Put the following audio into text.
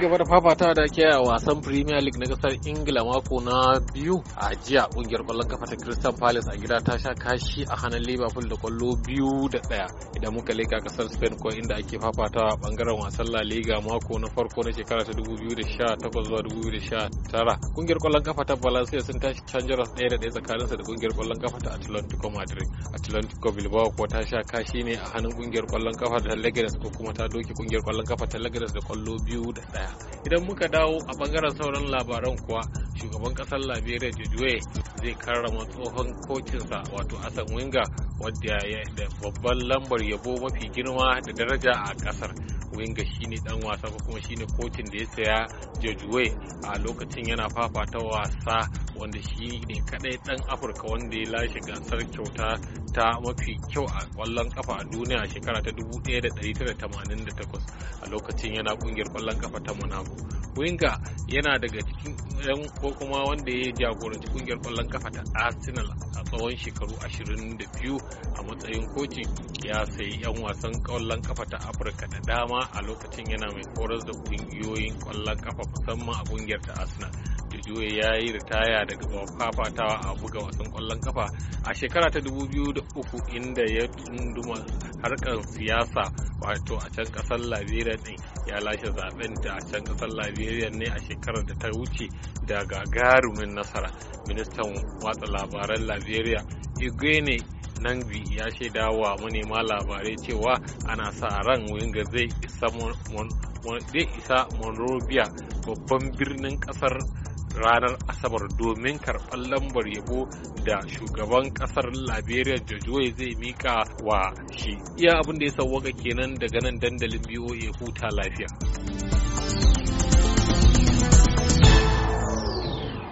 gaba da fafata da ke a wasan Premier League na kasar Ingila mako na biyu a jiya kungiyar kwallon kafa ta Crystal Palace a gida ta sha kashi a hannun Liverpool da kwallo biyu da daya idan muka leka kasar Spain ko inda ake fafata a bangaren wasan La Liga mako na farko na shekara ta 2018 zuwa 2019 kungiyar kwallon kafa ta Valencia sun tashi Changeros daya da ɗaya tsakaninsa da kungiyar kwallon kafa ta Atlantico Madrid Atlantico Bilbao ko ta sha kashi ne a hannun kungiyar kwallon kafa ta Leganes ko kuma ta doki kungiyar kwallon kafa ta Leganes da kwallo biyu da daya. idan muka dawo a bangaren sauran labaran kuwa shugaban kasar liberia jujuwe zai karrama tsohon kocinsa wato asan winga wadda ya da babban lambar yabo mafi girma da daraja a kasar winga ne dan wasa ko kuma shi ne kocin da ya saya George a lokacin yana fafata wasa wanda shi ne kadai dan Afirka wanda ya lashe gasar kyauta ta mafi kyau a kwallon kafa a duniya a shekara ta 1988 a lokacin yana kungiyar kwallon kafa ta Monaco. Winga yana daga cikin yan ko kuma wanda ya jagoranci kungiyar kwallon kafa ta arsenal a tsawon shekaru 22 a matsayin kocin ya sayi yan wasan kwallon kafa ta afirka da dama a lokacin yana mai horas da kungiyoyin kwallon kafa musamman a kungiyar ta arsenal Juwe ya yi ritaya daga fafatawa a buga wasan kwallon kafa a shekara ta 2003 inda ya tunduma harkar siyasa wato a can kasar Liberia ne ya lashe zaben ta a can kasar Liberia ne a shekarar da ta wuce daga garumin nasara ministan watsa labaran Liberia Igwene Nangbi ya shaida wa manema labarai cewa ana sa ran Wenger zai isa Monrovia babban birnin kasar ranar asabar domin karɓar lambar yabo da shugaban ƙasar liberia jojoy zai mika wa shi iya abin da ya sauwaka kenan daga nan dandalin biyo ya huta lafiya